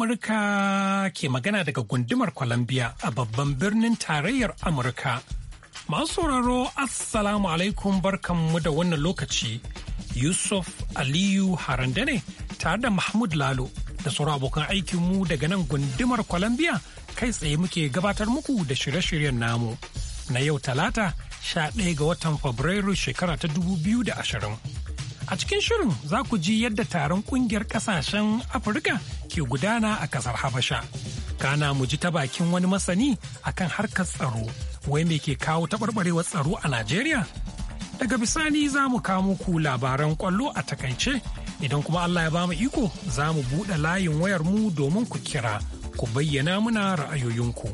Amurka ke magana daga gundumar Columbia a babban birnin tarayyar Amurka. Masu sauraro Assalamu alaikum barkanmu da wannan lokaci. Yusuf Aliyu Haranda ne tare da Mahmud Lalo da sauran abokan aikinmu daga nan gundumar Columbia kai tsaye muke gabatar muku da shirye-shiryen namu. Na yau talata 11 ga watan Fabrairu shekara ta 2020. A cikin shirin za ku ji yadda taron kungiyar kasashen Afirka ke gudana a kasar Habasha. Kana mu ji ta bakin wani masani akan harkar tsaro, wai me ke kawo taɓarɓarewar tsaro a Najeriya? Daga bisani za mu kawo ku labaran kwallo a takaice, idan kuma Allah ya bamu iko za mu buɗe layin wayar mu domin ku kira, ku bayyana muna ra'ayoyinku.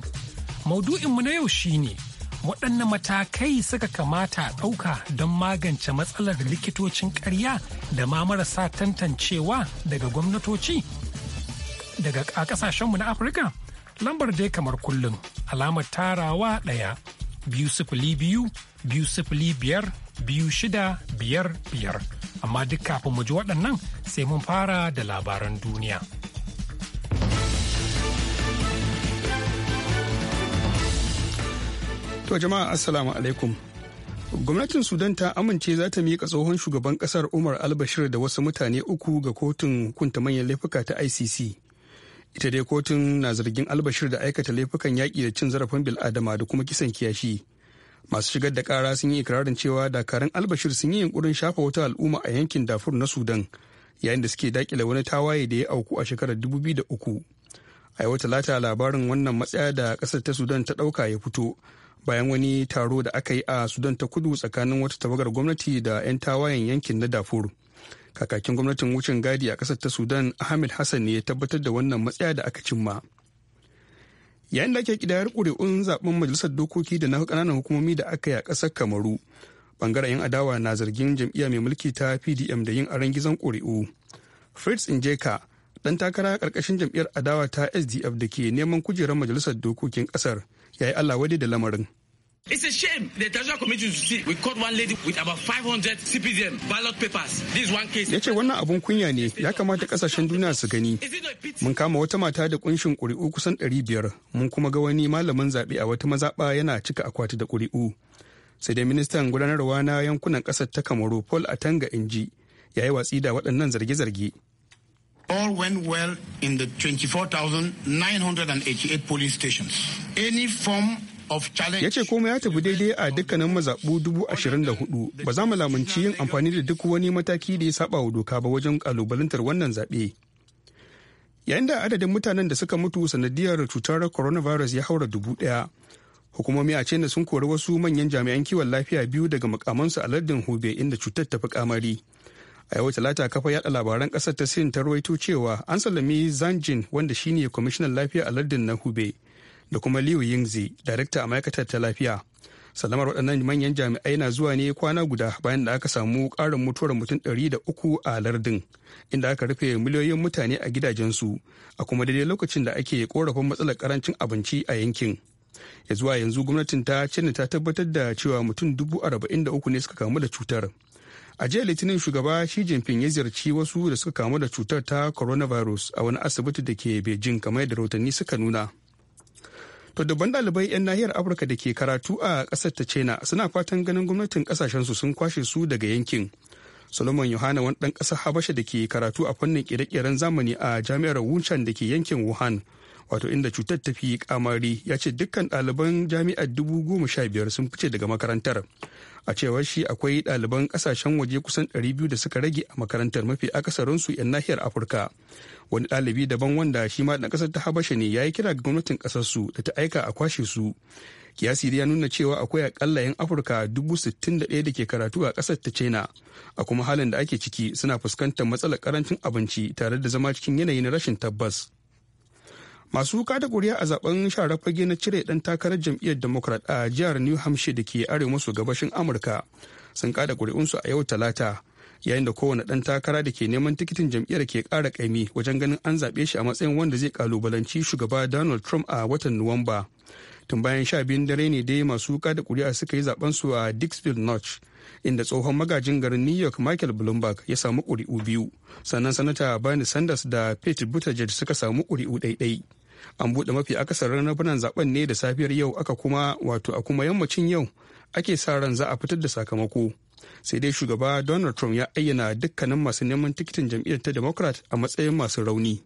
Maudu'inmu na yau shine waɗanne matakai suka kamata ɗauka don magance matsalar likitocin ƙarya da ma marasa tantancewa daga gwamnatoci daga ƙasashenmu na afirka lambar dai kamar kullum alamar tarawa ɗaya biyu sifili biyu biyu sifili biyar biyu shida biyar biyar amma duk kafin mu ji waɗannan sai mun fara da labaran duniya. To jama'a assalamu alaikum. Gwamnatin Sudan ta amince za ta miƙa tsohon shugaban ƙasar Umar al da wasu mutane uku ga kotun hukunta manyan laifuka ta ICC. Ita dai kotun na zargin al da aikata laifukan yaƙi da cin zarafin bil'adama da kuma kisan kiyashi. Masu shigar da ƙara sun yi ikirarin cewa dakarun al sun yi yunƙurin shafa wata al'umma a yankin dafur na Sudan yayin da suke dakile wani tawaye da ya auku a shekarar 2003. a yau talata labarin wannan matsaya da kasar ta sudan ta ɗauka ya fito bayan wani taro da aka yi a sudan ta kudu tsakanin wata tabagar gwamnati da 'yan tawayen yankin na dafur kakakin gwamnatin wucin gadi a ƙasar ta sudan ahmed hassan ne ya tabbatar da wannan matsaya da aka cimma yayin da ake kidayar kuri'un zaben majalisar dokoki da na ƙananan hukumomi da aka yi a ƙasar kamaru bangaren 'yan adawa na zargin jam'iyya mai mulki ta pdm da yin aron gizon ƙuri'u fritz jeka. dan takara karkashin jam'iyyar adawa ta sdf da ke neman kujerar majalisar dokokin kasar ya yi allah wade da lamarin It's a shame the Treasury Committee to see we caught one lady with about 500 CPDM ballot papers. This one case. Yace wannan abun kunya ne ya kamata kasashen duniya su gani. Mun kama wata mata da kunshin kuri'u kusan 500 mun kuma ga wani malamin zaɓe a wata mazaɓa yana cika akwati da kuri'u Sai dai ministan gudanarwa na yankunan ƙasar ta Kamaru Paul Atanga Inji ya yi watsi da waɗannan zarge-zarge. all went well in the 24,988 police stations. Any form ya ce komai ya tafi daidai a dukkanin mazaɓu dubu ashirin da hudu ba za mu lamunci yin amfani da duk wani mataki da ya saba wa doka ba wajen kalubalantar wannan zaɓe yayin da adadin mutanen da suka mutu sanadiyar cutar coronavirus ya haura dubu ɗaya hukumomi a china sun kori wasu manyan jami'an kiwon lafiya biyu daga makamansu a lardin hubei inda cutar ta fi kamari a yau talata kafa yada labaran kasar ta sin ta rawaito cewa an sallami zanjin wanda shine kwamishinan lafiya a lardin na hube da kuma liu yingzi darakta a ma'aikatar ta lafiya salamar waɗannan manyan jami'ai na zuwa ne kwana guda bayan da aka samu ƙarin mutuwar mutum ɗari da uku a lardin inda aka rufe miliyoyin mutane a gidajensu a kuma daidai lokacin da ake korafin matsalar karancin abinci a yankin ya zuwa yanzu gwamnatin ta cinna ta tabbatar da cewa mutum dubu arba'in da uku ne suka kamu da cutar a jiya litinin shugaba shi jinping ya ziyarci wasu da suka kamu da cutar ta coronavirus a wani asibiti da ke beijing kamar yadda rahotanni suka nuna to dubban ɗalibai 'yan nahiyar afirka da ke karatu a ƙasar ta china suna fatan ganin gwamnatin ƙasashensu sun kwashe su daga yankin solomon yohana wani ɗan ƙasar habasha da ke karatu a fannin ƙere-ƙeren zamani a jami'ar wuchan da ke yankin wuhan wato inda cutar ta fi kamari ya ce dukkan ɗaliban jami'ar dubu goma sha biyar sun fice daga makarantar a cewar shi akwai ɗaliban ƙasashen waje kusan 200 da suka rage a makarantar mafi akasarinsu 'yan nahiyar afirka wani ɗalibi daban wanda shi ma ɗan ƙasar ta habasha ne ya yi kira ga gwamnatin ƙasarsu da ta aika a kwashe su kiyasi ya nuna cewa akwai akalla 'yan afirka 61 da ke karatu a ƙasar ta china a kuma halin da ake ciki suna fuskantar matsalar karancin abinci tare da zama cikin yanayin rashin tabbas masu wuka da kuri'a a zaben shara fage na cire dan takarar jam'iyyar democrat a jihar new hampshire da ke arewa maso gabashin amurka sun kada kuri'unsu a yau talata yayin da kowane dan takara da ke neman tikitin jam'iyyar ke kara kaimi wajen ganin an zaɓe shi a matsayin wanda zai kalubalanci shugaba donald trump a watan nuwamba tun bayan sha biyun dare ne dai masu wuka da kuri'a suka yi zaben su a dixville notch inda tsohon magajin garin new york michael bloomberg ya samu ƙuri'u biyu sannan sanata bernie sanders da pete buttigieg suka samu kuri'u ɗaiɗai an buɗe mafi akasar ranar rabunan zaben ne da safiyar yau aka kuma wato a kuma yammacin yau ake sa ran za a fitar da sakamako sai dai shugaba donald trump ya ayyana dukkanin masu neman tikitin jam'iyyar ta democrat a matsayin masu rauni.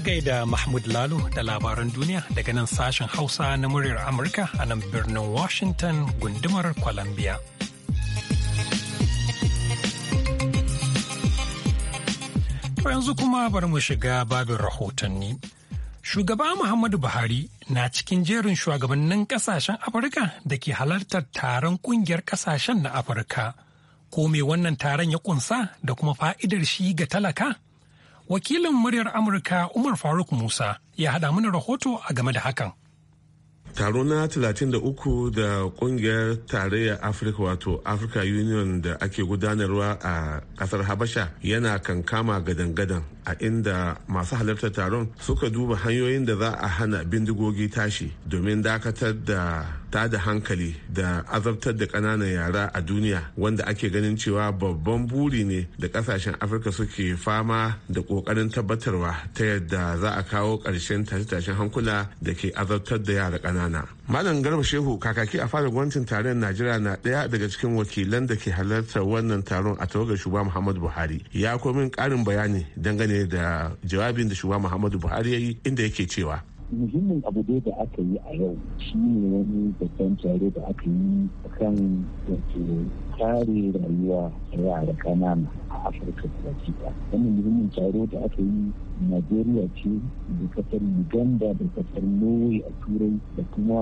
A gaida Mahmud Lalo da labaran duniya daga nan sashen Hausa na muryar Amurka a nan birnin Washington gundumar Columbia. To yanzu kuma bari mu shiga babin rahotanni. Shugaba Muhammadu Buhari na cikin jerin shugabannin kasashen Afirka da ke halartar taron kungiyar kasashen na Afirka. Ko me wannan taron ya kunsa da kuma fa'idar shi ga talaka? Wakilin muryar Amurka Umar Faruk Musa ya haɗa mana rahoto a game da hakan. taro na 33 da kungiyar tarayyar afirka wato africa union da ake gudanarwa a kasar habasha yana kankama gadan-gadan a inda masu halartar taron suka duba hanyoyin da za a hana bindigogi tashi domin dakatar da ta da hankali da azabtar da ƙananan yara a duniya wanda ake ganin cewa babban buri ne da kasashen afirka suke fama da ƙoƙarin tabbatarwa ta yadda za a kawo ƙarshen tashe-tashen hankula da ke azabtar da yara ƙanana malam garba shehu kakaki a fara gwamnatin taron najeriya na ɗaya daga cikin wakilan da ke halartar wannan taron a tawagar shugaba muhammadu buhari ya komin ƙarin bayani dangane da jawabin da shugaba muhammadu buhari ya yi inda yake cewa muhimmin abu dai da aka yi a yau shi ne wani babban tare da aka yi kan da ke kare rayuwa yara ƙanana a afirka da wani muhimmin tare da aka yi najeriya ce da kasar uganda da kasar norway a turai da kuma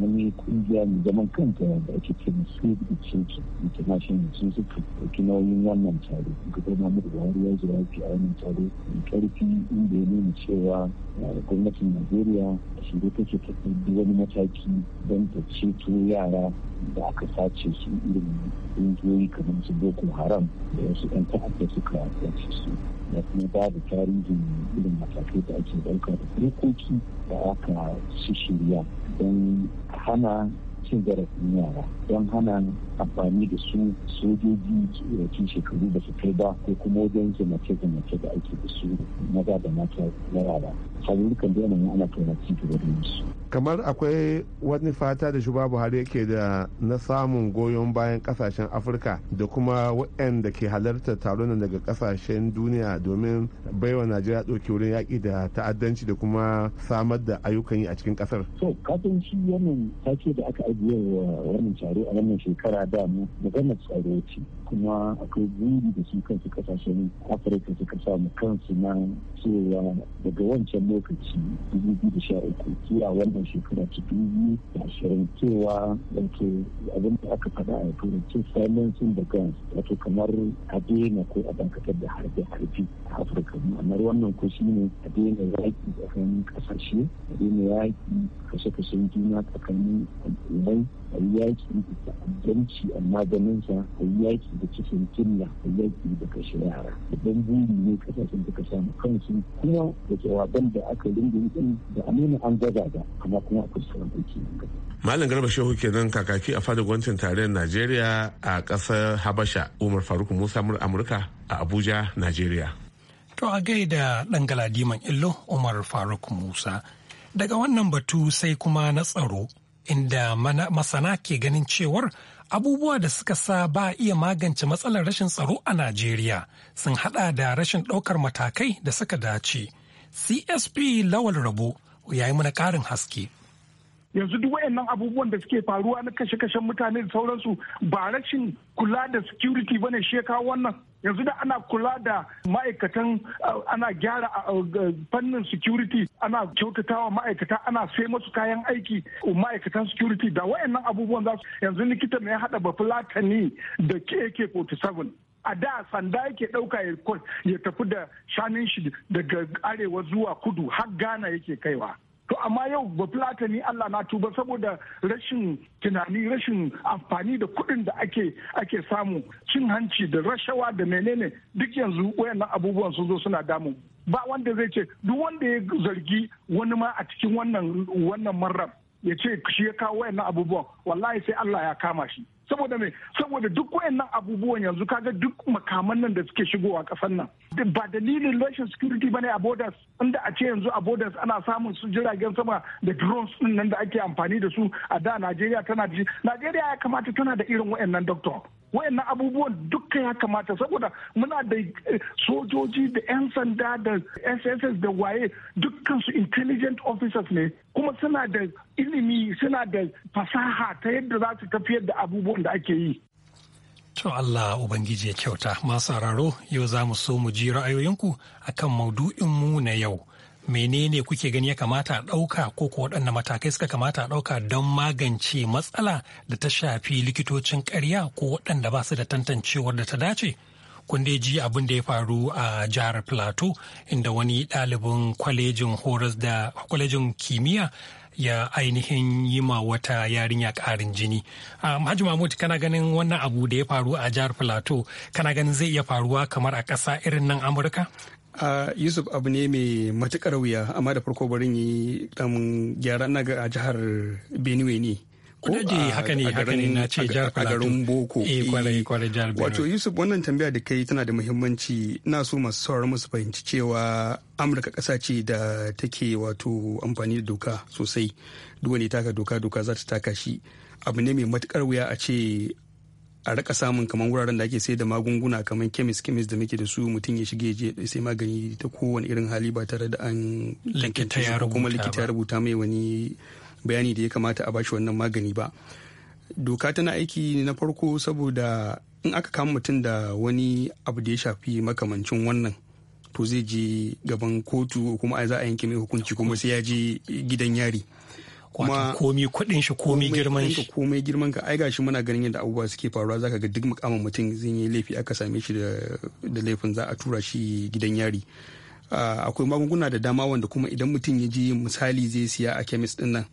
wani kungiya mai zaman kanta da ake da sweet research international sun suka ɗauki nauyin wannan taro ga kuma mutu da ya zirafi a wannan taro mai ƙarfi inda ya nuna cewa eh, gwamnatin najeriya a shirye take ta ɗauki wani mataki don ta ceto yara da aka sace su irin ƙungiyoyi kamar su boko haram da wasu 'yan ta'adda suka sace su ya kuma ba da tarihin irin matakai da ake ɗauka da dokoki da aka shirya don hana cin zarafin yara don hana amfani da su sojoji cikin shekaru da su kai ba ko kuma wajen zamace-zamace da ake da su maza da mata na yara halittar da yanayin ana tunaci da wajen su. kamar akwai wani fata da shuba buhari yake da na samun goyon bayan kasashen afirka da kuma waɗanda ke halartar taron daga kasashen duniya domin baiwa najeriya ɗauki wurin yaƙi da ta'addanci da kuma samar da ayyukan yi a cikin ƙasar. so kasan shi wannan da aka biyar wa wannan taro a wannan shekara da mu magana tsaro ce kuma akwai buri da su kansu kasashen afirka suka samu kansu na cewa daga wancan lokaci da uku, zuwa wannan shekara ta ashirin cewa wato abin da aka faɗa a turanci silencing da guns wato kamar a daina ko a dakatar da harbe harbi a afirka ma'anar wannan ko shi ne a daina yaƙi tsakanin kasashe a daina yaƙi kashe-kashen juna tsakanin al'ummai a yi yaki da abinci a sa a yaki da cikin killa a yaki da kashe yara idan buri ne kasashen da ka samu kansu kuma da jawaban da aka rinda yi da amina an gaza da amma kuma a fuskan aiki Malam Garba Shehu kenan kakaki a fadar gwamnatin tarayyar Najeriya a ƙasar Habasha Umar Faruk Musa Amurka a Abuja, Najeriya. To a gaida ɗan galadiman illo Umar Faruk Musa. Daga wannan batu sai kuma na tsaro inda masana ke ganin cewar abubuwa da suka sa ba iya magance matsalar rashin tsaro a Najeriya sun hada da rashin ɗaukar matakai da suka dace. CSP Lawal Rabo ya yi mana ƙarin haske. yanzu duk wayannan abubuwan da suke faruwa na kashe-kashen mutane da sauransu ba rashin kula da security bane shi wannan yanzu da ana kula da ma'aikatan uh, ana gyara uh, uh, fannin security ana kyautata wa ma'aikata ana sai masu kayan aiki ma'aikatan security da wayannan abubuwan za su yanzu likita mai hada fulatani da ak-47 a da sanda yake ɗauka ya tafi da shanin shi daga arewa zuwa kudu har ghana yake kaiwa to amma yau ba ni Allah na tuba saboda rashin tunani rashin amfani da kuɗin da ake ake samu cin hanci da rashawa da menene duk yanzu wayannan abubuwan sun zo suna damu ba wanda zai ce duk wanda ya zargi wani ma a cikin wannan wannan marar ya ce shi ya kawo wayannan abubuwan wallahi sai Allah ya kama shi saboda me saboda duk wayannan abubuwan yanzu kaga duk makaman nan da suke shigowa kasan nan ba dalilin rashin security bane a borders inda a ce yanzu a borders ana samun su jiragen sama da drones din nan da ake amfani da su a da Najeriya tana da Najeriya ya kamata tana da irin wayannan doctor wayannan abubuwan dukkan ya kamata saboda muna da eh, sojoji da 'yan sanda da sss da waye dukkan su intelligent officers ne kuma suna da ilimi suna da fasaha ta yadda za su tafiyar da abubuwan da ake yi To Allah Ubangiji ya kyauta masu sauraro yau za mu so mu ji ra'ayoyinku akan mu na yau menene kuke gani ya kamata a ɗauka ko ko waɗanne matakai suka kamata a ɗauka don magance matsala da ta shafi likitocin ƙarya ko waɗanda ba su da tantancewar da ta dace kun dai ji abin da ya faru a jihar plateau inda wani ɗalibin kwalejin horas da kwalejin kimiyya ya ainihin yi ma wata yarinya ƙarin jini a hajji mahmud kana ganin wannan abu da ya faru a jihar plateau kana ganin zai iya faruwa kamar a ƙasa irin nan amurka a yusuf abu ne mai matukar wuya amma da farko barin yi dan gyara na ga a jihar benue ne ko a garin boko eh, kwarai eh, kwarai jihar wato yusuf wannan tambaya da kai tana da muhimmanci na so masu sauran musu fahimci cewa amurka kasa ce da take wato amfani da doka sosai duk wani taka doka doka za ta taka shi abu ne mai matukar wuya a ce a rika samun kamar wuraren da ake sayar da magunguna kamar kemis kemis da muke da su mutum ya shige je sai magani ta kowane irin hali ba tare da an likita ya rubuta kuma likita ya rubuta mai wani bayani da ya kamata a bashi wannan magani ba doka tana aiki na farko saboda in aka kama mutum da wani abu da ya shafi makamancin wannan to zai je gaban kotu kuma za a yanke mai hukunci kuma sai ya je gidan yari kuma komi kuɗin shi komi girman shi komai girman ka ai gashi muna ganin yadda abubuwa suke faruwa zaka ga duk mukamin mutum zai yi laifi aka same shi da laifin za a tura shi gidan yari ah, akwai magunguna da dama wanda kuma idan mutum ya je misali zai siya a kemis din nan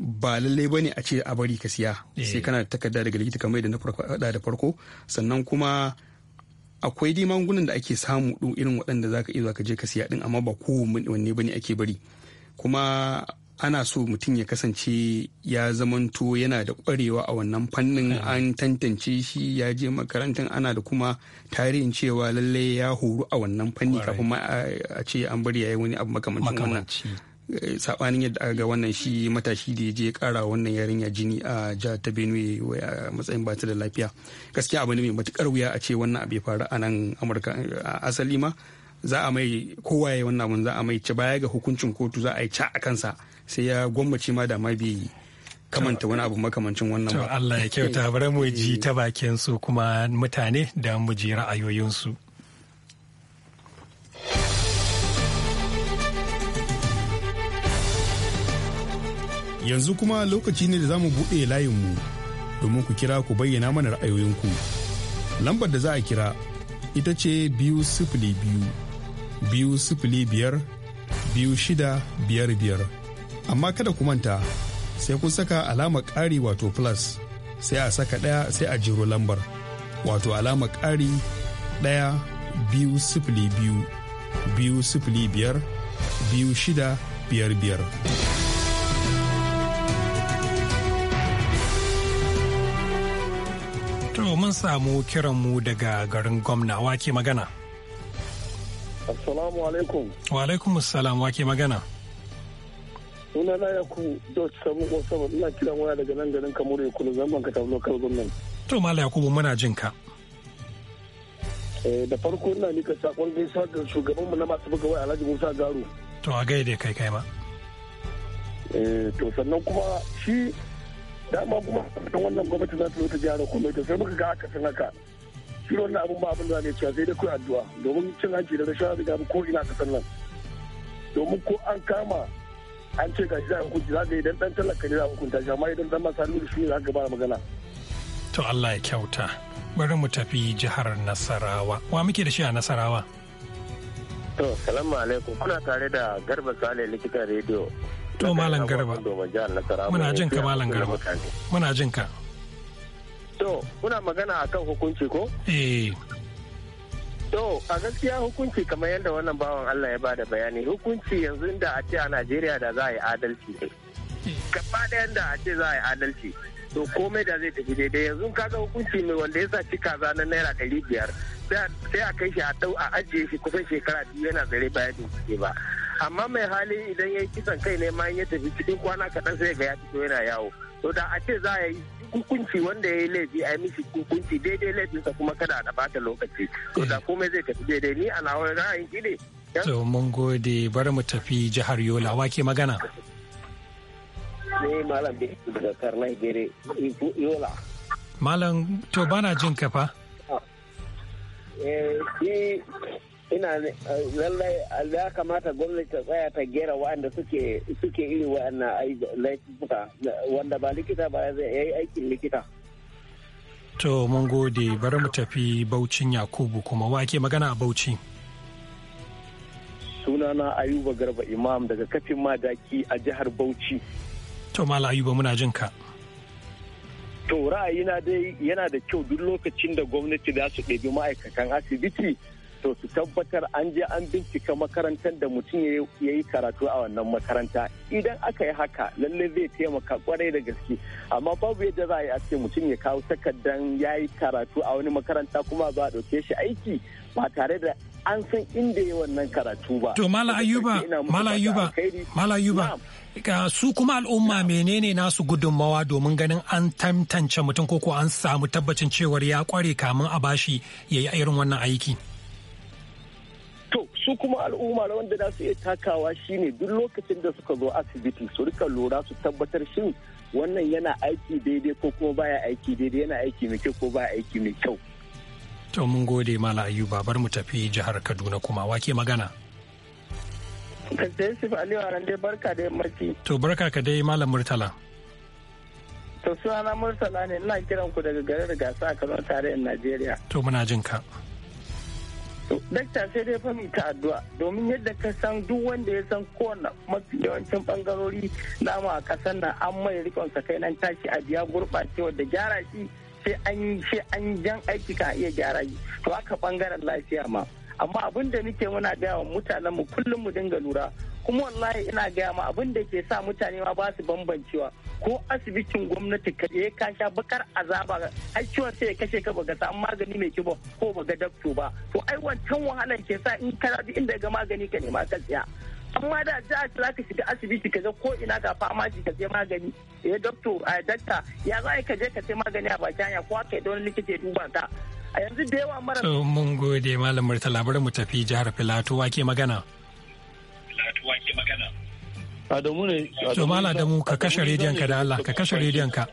ba lallai ba ne a ce a bari ka siya sai eh. kana takarda daga likita kamar yadda na faɗa da farko sannan kuma akwai dai magungunan da ake samu irin waɗanda zaka ka iya ka je ka siya din amma ba kowanne ba ne ake bari kuma ana so mutum ya kasance ya zamanto yana da kwarewa a wannan fannin hmm. an tantance shi ya je makarantar ana da kuma tarihin cewa lallai ya horu a wannan fanni kafin ma a ce an bari yayi wani abu makamancin wannan eh, sabanin yadda aka ga wannan shi matashi da ya je kara wannan yarinya jini a jihar ta benue a matsayin bata da lafiya gaskiya abu ne mai matukar wuya a ce wannan abu ya faru a nan amurka a asali ma za a mai kowaye wannan abun za a mai ci baya ga hukuncin kotu za a yi ca a kansa sai ya gwammace ma da ma bai kamanta wani abu makamancin wannan ba. Allah ya kyauta bari mu ji eh. ta bakin su kuma mutane da mu ji ra'ayoyinsu. Yanzu kuma lokaci ne da za mu buɗe layinmu domin ku kira ku bayyana mana ra'ayoyinku. Lambar da za a kira ita ce biyu sifili biyu biyu sifili biyar biyu shida biyar biyar. amma kada ku manta sai kun saka alama ƙari wato plus sai a saka ɗaya sai a jiro lambar wato alama ƙari ɗaya biyu sifili biyu biyu sifili biyar biyu shida biyar biyar. mun samu kiranmu daga garin gwamna wake magana. Assalamu alaikum. Wa alaikum assalam wake magana. suna na ya ku George Samu Osama ina kiran waya daga nan garin Kamuru ya kula zaman ka tafi local government. To Mala Yakubu muna jin ka. Eh, da farko ina nika sakon gaisuwa ga shugabanmu na masu buga waya Alhaji Musa Garu. To a gaide kai kai ma. Eh, to sannan kuma shi dama kuma don wannan gwamnati za ta zo ta gyara komai to sai muka ga aka san haka. Shi wannan abun ba abin da ne cewa sai dai kawai addu'a domin cin hanci da rashawa da ko ina ka nan. Domin ko an kama an ce gashi za a hukunci za ka yi dan talaka ne za a hukunta shi amma idan dan masa da shi ne za ka ba magana to Allah ya kyauta bari mu tafi jihar Nasarawa wa muke da shi a Nasarawa to salamu alaikum kuna tare da Garba Sale likitan rediyo to malam Garba muna jin ka malam Garba muna jin ka to kuna magana akan hukunci ko eh To a gaskiya hukunci kamar yadda wannan bawan Allah ya ba da bayani hukunci yanzu da a ce a Najeriya da za a yi adalci ne. Gaba da yadda a ce za a yi adalci. To komai da zai tafi daidai yanzu kaga hukunci ne wanda ya sa cika zanen naira ɗari biyar sai a kai shi a ɗau a ajiye shi kusan shekara biyu yana zare bayan bincike ba. Amma mai hali idan ya yi kisan kai ne ma ya tafi cikin kwana kaɗan sai ga ya fito yana yawo. To da a ce za a yi hukunci wanda ya yi laifi a yi mishi hukunci daidai laifinsa kuma kada a bata lokaci to da komai zai tafi daidai ni a ra'ayin gine to mun gode bari mu tafi jihar yola wake magana ne malam da daga gere yola malam to bana jin kafa ah. eh, ina eh, lallai eh, ya kamata gwamnati ta tsaya ta gera waɗanda suke suke a yi laifuka wanda ba likita ba zai yi aikin likita to mun gode bari mu tafi baucin yakubu kuma wake magana a bauchi sunana ayuba garba imam daga kafin madaki a jihar bauchi to mala ayuba muna jin ka to ra'ayina dai yana da kyau duk lokacin da gwamnati za su ɗebi ma'aikatan asibiti to su tabbatar an je an bincika makarantar da mutum ya yi karatu a wannan makaranta idan aka yi haka lalle zai taimaka kwarai da gaske amma babu yadda za a yi a ce mutum ya kawo takardar ya yi karatu a wani makaranta kuma ba a ɗauke shi aiki ba tare da an san inda ya wannan karatu ba. To Mala Ayuba, Mala su kuma al'umma menene nasu gudunmawa domin ganin an tantance mutum ko an samu tabbacin cewar ya kware kamun a bashi ya yi irin wannan aiki. To su kuma al'umma na wanda za su iya takawa shine duk lokacin da suka zo asibiti su rika lura su tabbatar shin wannan yana aiki daidai ko kuma baya aiki daidai yana aiki mai kyau ko baya aiki mai kyau. To mun gode Mala Ayuba bar mu tafi jihar Kaduna kuma wake magana. Kasai Yusuf Aliyu Aran dai barka da yammaci. To barka ka dai Malam Murtala. To na Murtala ne ina kiran ku daga garin Gasa a Kano tarayyar Najeriya. To muna jin ka. dakta sai dai fa ta addu'a domin yadda ka san duk wanda ya san kowanne mafi yawancin bangarori namu a kasar nan an mai rikon sa kai nan tashi a biya gurɓacewa da gyara shi sai an shi an jan aiki ka iya gyara shi to haka bangaren lafiya ma amma abin da nake muna gaya wa mutanen mu kullum mu dinga lura kuma wallahi ina gaya ma abin da ke sa mutane ma ba su bambancewa ko asibitin gwamnati ka je ka sha bakar azaba har ciwon sai ya kashe ka baka samu magani mai ba ko baka dakto ba to ai wancan wahalan ke sa in ka inda ga magani ka nema ka tsaya amma da za a ka shiga asibiti ka ga ko ina ga famaci ka je magani eh dakto a dakta ya za ka je ka sai magani a baki hanya ko kai da wani likita ya duba ka a yanzu da yawa mara mun gode malam murtala bari mu tafi jihar filato ke magana nake magana. Adamu ne. To Mala Adamu ka kashe rediyon ka da Allah ka kashe rediyon ka.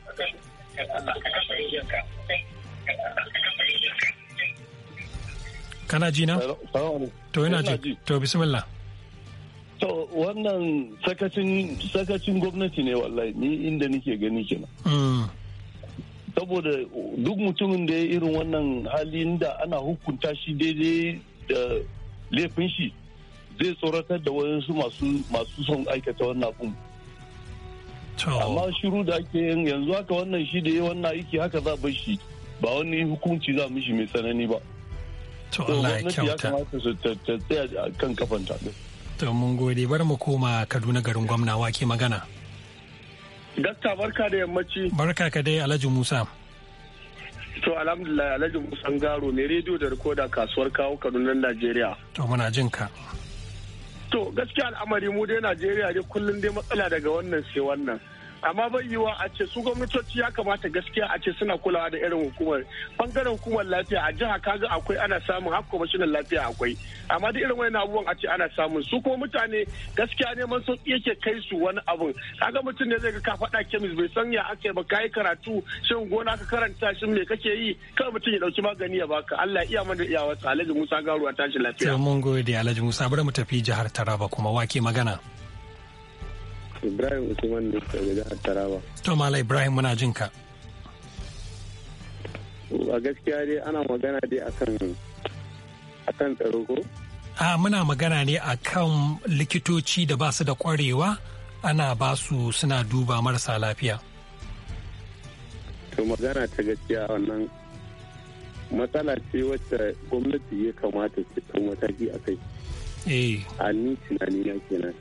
Kana ji na? To yana ji. To bismillah. To wannan sakacin sakacin gwamnati ne wallahi ni inda nike gani kenan. Mm. Saboda duk mutumin da ya irin wannan halin da ana hukunta shi daidai da laifin shi. zai tsoratar da wayansu masu son aikata wannan abun amma shiru da ake yin yanzu haka wannan shi da wannan aiki haka za bar shi ba wani hukunci za mishi mai tsanani ba to Allah ya kyauta ta tsaya kan kafanta to mun gode bar mu koma Kaduna garin gwamna wake magana dakta barka da yammaci barka ka dai Alhaji Musa To alhamdulillah Alhaji Musa Garo mai rediyo da rikoda kasuwar kawo Kaduna Najeriya. To muna jin ka. To gaskiya al'amari mu dai Najeriya dai kullum dai matsala daga wannan sai wannan. amma bai yiwa a ce su gwamnatoci ya kamata gaskiya a ce suna kulawa da irin hukumar bangaren hukumar lafiya a jiha kaga akwai ana samun har kwamishinan lafiya akwai amma duk irin wani abubuwan a ce ana samun su kuma mutane gaskiya neman sauki yake kai su wani abun kaga mutum ne zai ga ka faɗa kemis bai san ya aka ba kayi karatu shin gona ka karanta shin me kake yi kawai mutum ya ɗauki magani ya baka Allah iya mana iyawarsa Alhaji Musa Garuwa tashi lafiya. Sai mun gode Alhaji Musa bari mu tafi jihar Taraba kuma wake magana. Ibrahim Usman da ke daga jihar Taraba. To Mala Ibrahim muna jin ka. A gaskiya dai ana magana dai akan akan tsaro ko? Ah muna magana ne akan likitoci da ba su da kwarewa ana ba su suna duba marasa lafiya. To magana ta gaskiya wannan matsala ce wacce gwamnati ya kamata ta mataki a kai. Eh. A ni tunani na kenan.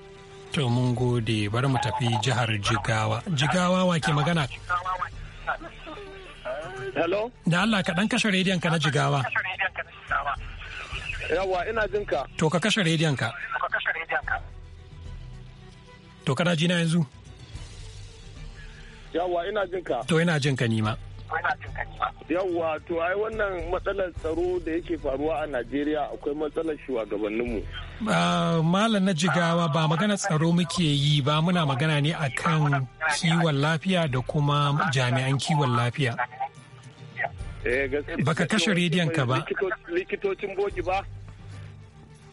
To mun gode bari mu tafi jihar Jigawa. Jigawa wa ke magana? Hello? Da Allah ka ɗan kashe rediyon ka na Jigawa. Yawa ina jin ka. To ka kashe rediyon ka. To kana ji na yanzu? Yawa ina jin ka. To ina jin ka nima. Yau Yawwa to ai wannan matsalar tsaro da yake faruwa a Najeriya akwai matsalar shugabanninmu. Malam na jigawa ba magana tsaro muke yi ba muna magana ne akan kiwon lafiya da kuma jami'an kiwon lafiya. Eh, Baka kashe rediyon ka ba. Likitocin bogi ba.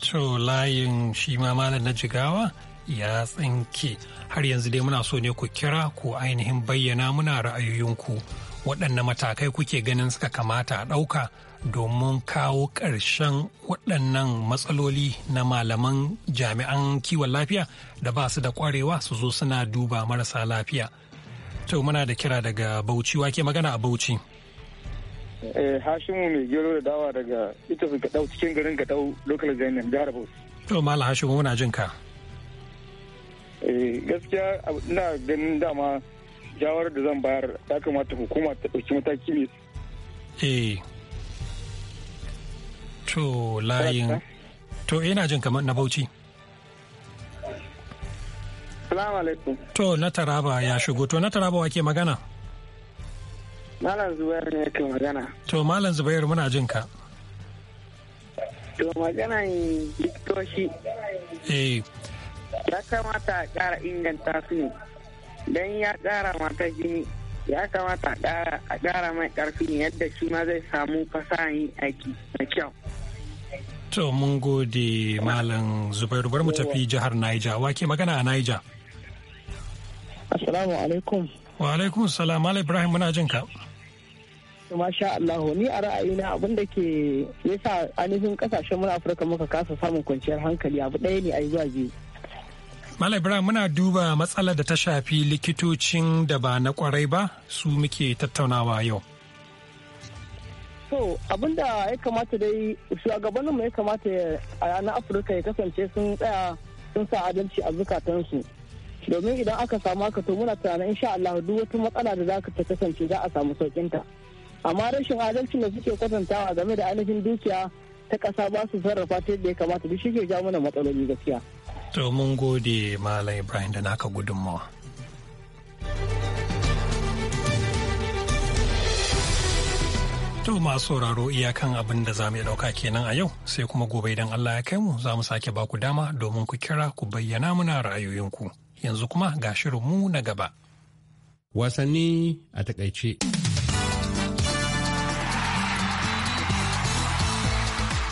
To layin shi ma malam na jigawa ya tsinke har yanzu dai muna so ne ku kira ko ainihin bayyana muna ra'ayoyinku waɗanne matakai kuke ganin suka kamata a ɗauka domin kawo ƙarshen waɗannan matsaloli na malaman jami'an kiwon lafiya da ba su da ƙwarewa su zo suna duba marasa lafiya. To muna da kira daga Bauchi wake magana a Bauchi. Eh, Hashimu mai gero da dawa daga ita su gaɗau cikin garin gaɗau local government jihar Bauchi. To mala Hashimu muna jin ka. Eh, gaskiya ina ganin dama shawarar da zan bayar ya kamata hukuma ta ɗauki mataki ne. Eh. To layin. To ina jin kamar na Bauchi. Salamu alaikum. To na Taraba ya shigo. To na Taraba wake magana? Malam Zubair ne ke magana. To Malam Zubair muna jin ka. To maganan likitoci. Eh. Ya kamata a ƙara inganta su ne. don ya ƙara mata jini ya kamata a ƙara mai karfi yadda shi ma zai samu fasahin aiki da kyau. To mun gode Malam Zubairu bar mu tafi jihar Naija wake magana a Naija. Assalamu alaikum. Wa alaikum salam ala Ibrahim muna jin ka. Masha Allah ni a ra'ayina abin da ke yasa ainihin kasashen mun Afirka muka kasa samun kwanciyar hankali abu ɗaya ne a zuwa biyu. Malam Ibrahim muna duba matsalar da ta shafi likitocin da ba na kwarai ba su muke tattaunawa yau. So abinda ya kamata dai shugabanninmu ya kamata a na Afirka ya kasance sun tsaya sun sa adalci a zukatansu. Domin idan aka samu haka to muna tunanin sha Allah duk wata matsala da za ta kasance za a samu sauƙinta. Amma rashin adalci da suke kwatantawa game da ainihin dukiya ta ƙasa ba su sarrafa ta yadda ya kamata duk shi ke ja mana matsaloli gaskiya. To mun gode Malam Ibrahim da naka gudunmawa. To masu sauraro iyakan abin da za mu ɗauka kenan a yau sai kuma gobe idan Allah ya kai mu za mu sake baku dama domin ku kira ku bayyana muna ra'ayoyinku. Yanzu kuma ga shirinmu na gaba. Wasanni a takaice.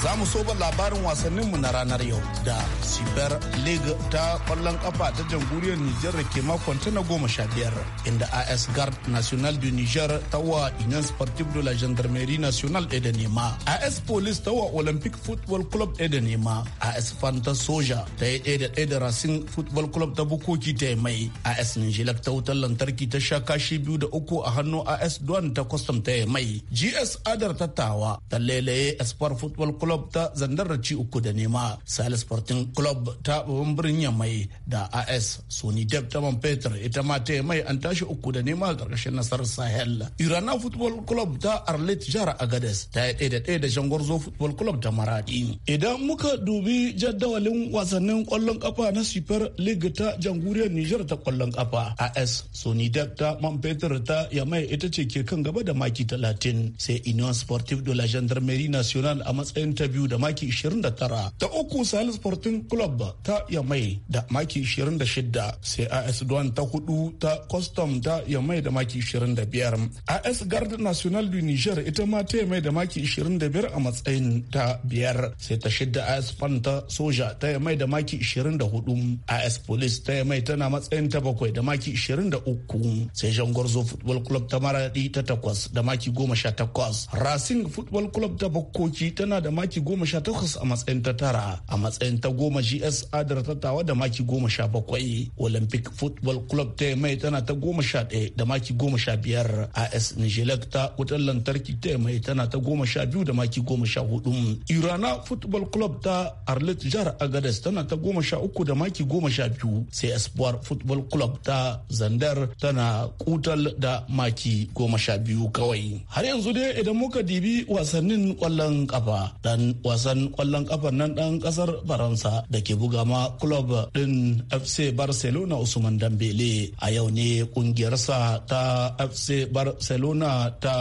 za mu soba labarin wasanninmu na ranar yau da super league ta kwallon kafa ta jamhuriyar niger da ke makon ta na goma sha biyar inda as guard national du niger ta wa union sportive de la gendarmerie national ɗaya da nema as police ta wa olympic football club ɗaya da nema as fanta soja ta yi ɗaya da ɗaya da racing football club ta bukoki ta yi mai as nijilak ta wutar lantarki ta sha kashi biyu da uku a hannu as duwan ta kwastam ta yi mai gs adar tattawa ta lelaye espoir football club club ta zandarar ci uku da nema sale sporting club ta babban birnin mai da as sony deb ta man peter ita ma ta mai an tashi uku da nema a ƙarƙashin nasarar sahel irana football club ta arlet jihar agades ta yi ɗaya da ɗaya da shangwarzo football club ta maradi idan muka dubi jadawalin wasannin kwallon kafa na super league ta jamhuriyar niger ta kwallon kafa as sony deb ta man peter ta yamai ita ce ke kan gaba da maki talatin sai union sportive de la gendarmerie nationale a matsayin ta biyu da maki 29 ta uku Salis Sporting Club ta Yamai da maki 26 sai AS Duan ta hudu ta Custom ta Yamai da maki 25 AS guard National du Niger ita ma ta Yamai da maki 25 a matsayin ta biyar sai ta shida AS Fan ta Soja ta Yamai da maki 24 AS Police ta Yamai tana matsayin ta bakwai da maki 23 sai Jangorzo Football Club ta Maradi ta takwas da maki 18 Racing Football Club ta bakoki tana da maki maki goma sha takwas a matsayin ta tara a matsayin ta goma gs adar tattawa da maki goma sha bakwai olympic football club ta mai tana ta goma sha ɗaya da maki goma sha biyar as nigelec ta wutar lantarki ta mai tana ta goma sha biyu da maki goma sha hudu irana football club ta arlet jihar agades tana ta goma sha uku da maki goma sha biyu sai espoir football club ta zandar tana kutal da maki goma sha biyu kawai har yanzu dai idan muka dibi wasannin kwallon kafa dan wasan kwallon kafar nan dan kasar faransa da ke buga ma club din fc barcelona usman dambele a yau ne kungiyarsa ta fc barcelona ta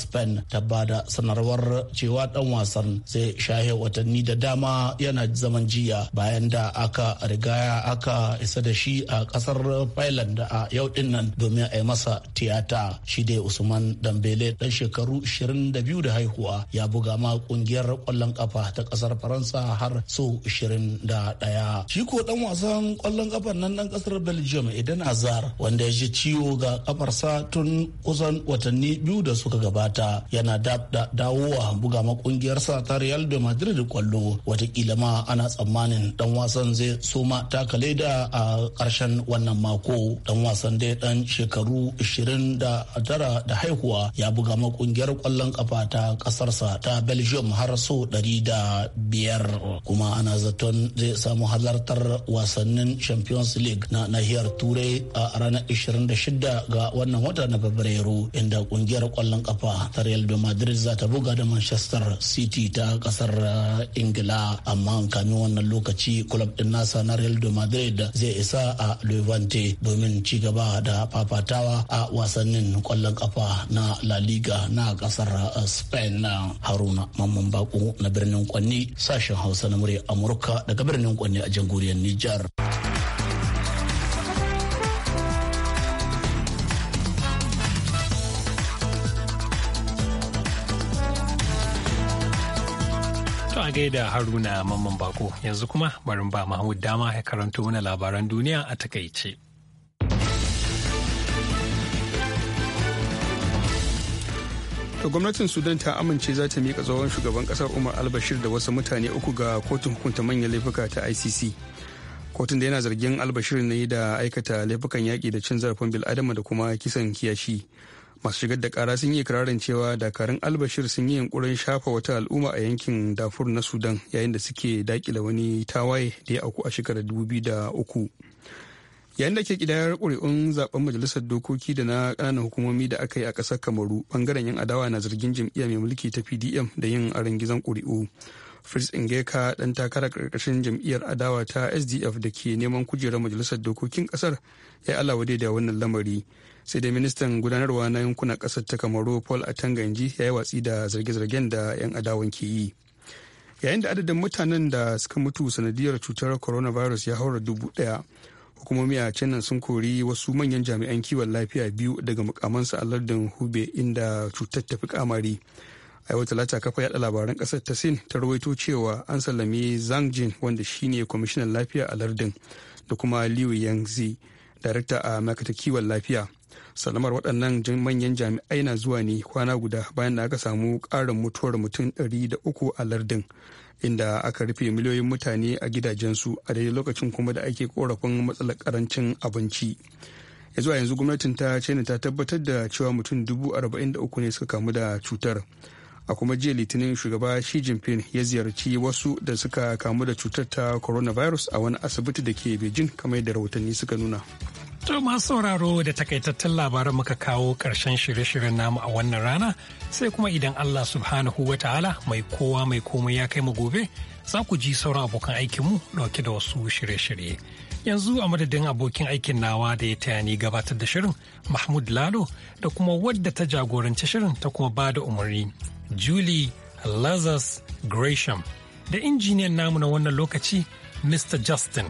spain ta bada sanarwar cewa dan wasan sai shahe watanni da dama yana zaman jiya bayan da aka rigaya aka isa da shi a kasar Thailand a yau din nan domin a yi masa tiyata shi dai usman dambele dan shekaru 22 da haihuwa ya buga ma kungiyar kwallon kwallon kafa ta kasar faransa har sau 21 shi ko dan wasan kwallon kafar nan dan kasar belgium idan azar wanda ya ji ciwo ga kafarsa tun kusan watanni biyu da suka gabata yana da dawowa buga makungiyarsa ta real de madrid kwallo watakila ma ana tsammanin dan wasan zai soma taka leda a karshen wannan mako dan wasan dai dan shekaru 29 da haihuwa ya buga makungiyar kwallon kafa ta kasarsa ta belgium har sau. ɗari da biyar kuma ana zaton zai samu halartar wasannin champions league na nahiyar turai a ranar 26 ga wannan wata na fabrairu inda kungiyar kwallon kafa ta real de madrid za ta buga da manchester city ta kasar ingila amma kamin wannan lokaci club din nasa na real de madrid zai isa a levante domin ci gaba da fafatawa a wasannin kwallon kafa na la liga na kasar spain na haruna mamman bako na birnin Kwanni sashen Hausa na murya Amurka daga birnin Kwanni a jamhuriyar Nijar. a gaida haruna mamman bako yanzu kuma barin ba mahmud dama ya karanto mana labaran duniya a takaice. to gwamnatin sudan ta amince za ta mika tsohon shugaban kasar umar albashir da wasu mutane uku ga kotun hukunta manyan laifuka ta icc kotun da yana zargin albashir ne da aikata laifukan yaƙi da cin zarafin bil'adama da kuma kisan kiyashi masu shigar da kara sun yi ikirarin cewa dakarun albashir sun yi yunkurin shafa wata al'umma a yankin dafur na sudan yayin da suke dakile wani tawaye da ya auku a shekarar 2003 yayin da ke kidayar ƙuri'un zaben majalisar dokoki da na ƙananan hukumomi da aka yi a ƙasar kamaru ɓangaren yan adawa na zargin jam'iyya mai mulki ta pdm da yin gizon ƙuri'u fritz ingeka ɗan takara ƙarƙashin jam'iyyar adawa ta sdf da ke neman kujerar majalisar dokokin ƙasar ya yi alawade da wannan lamari sai dai ministan gudanarwa na yankunan ƙasar ta kamaru paul atanganji ya yi watsi da zarge-zargen da yan adawan ke yi yayin da adadin mutanen da suka mutu sanadiyar cutar coronavirus ya haura dubu ɗaya hukumomi a nan sun kori wasu manyan jami'an kiwon lafiya biyu daga mukamansu a lardin hube inda cutar tafi kamari a yau talata kafa yada labaran kasar ta sin ta rawaito cewa an sallami zhang jin wanda shine kwamishinan lafiya a lardin da kuma liu yangzi darakta a makata kiwon lafiya salamar waɗannan manyan jami'ai na zuwa ne kwana guda bayan da aka samu ƙarin mutuwar mutum ɗari da uku a lardin inda aka rufe miliyoyin mutane a gidajensu a daidai lokacin kuma da ake korafin matsalar karancin abinci ya zuwa yanzu gwamnatin ta china ta tabbatar da cewa mutum dubu arba'in da uku ne suka kamu da cutar a kuma jiya litinin shugaba shi jinping ya ziyarci wasu da suka kamu da cutar ta coronavirus a wani asibiti da ke beijing kamar da rahotanni suka nuna to masu sauraro da takaitattun labaran muka kawo karshen shirye-shiryen namu a wannan rana sai kuma idan allah subhanahu wa ta'ala mai kowa mai komai ya kai mu gobe za ku ji sauran abokan aikinmu dauke da wasu shirye-shirye yanzu a madadin abokin aikin nawa da ya taya ni gabatar da shirin mahmud lalo da kuma wadda ta jagoranci shirin ta kuma ba da umarni Julie Lazarus Gresham da injiniyan namu na wannan lokaci Mr. Justin.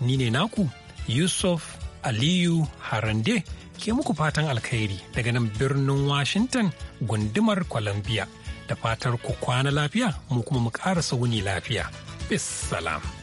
Ni ne naku Yusuf Aliyu Harande ke muku fatan alkhairi daga nan birnin Washington gundumar Columbia da fatar ku kwana lafiya mu kuma mu ƙara wuni lafiya. Bis salam.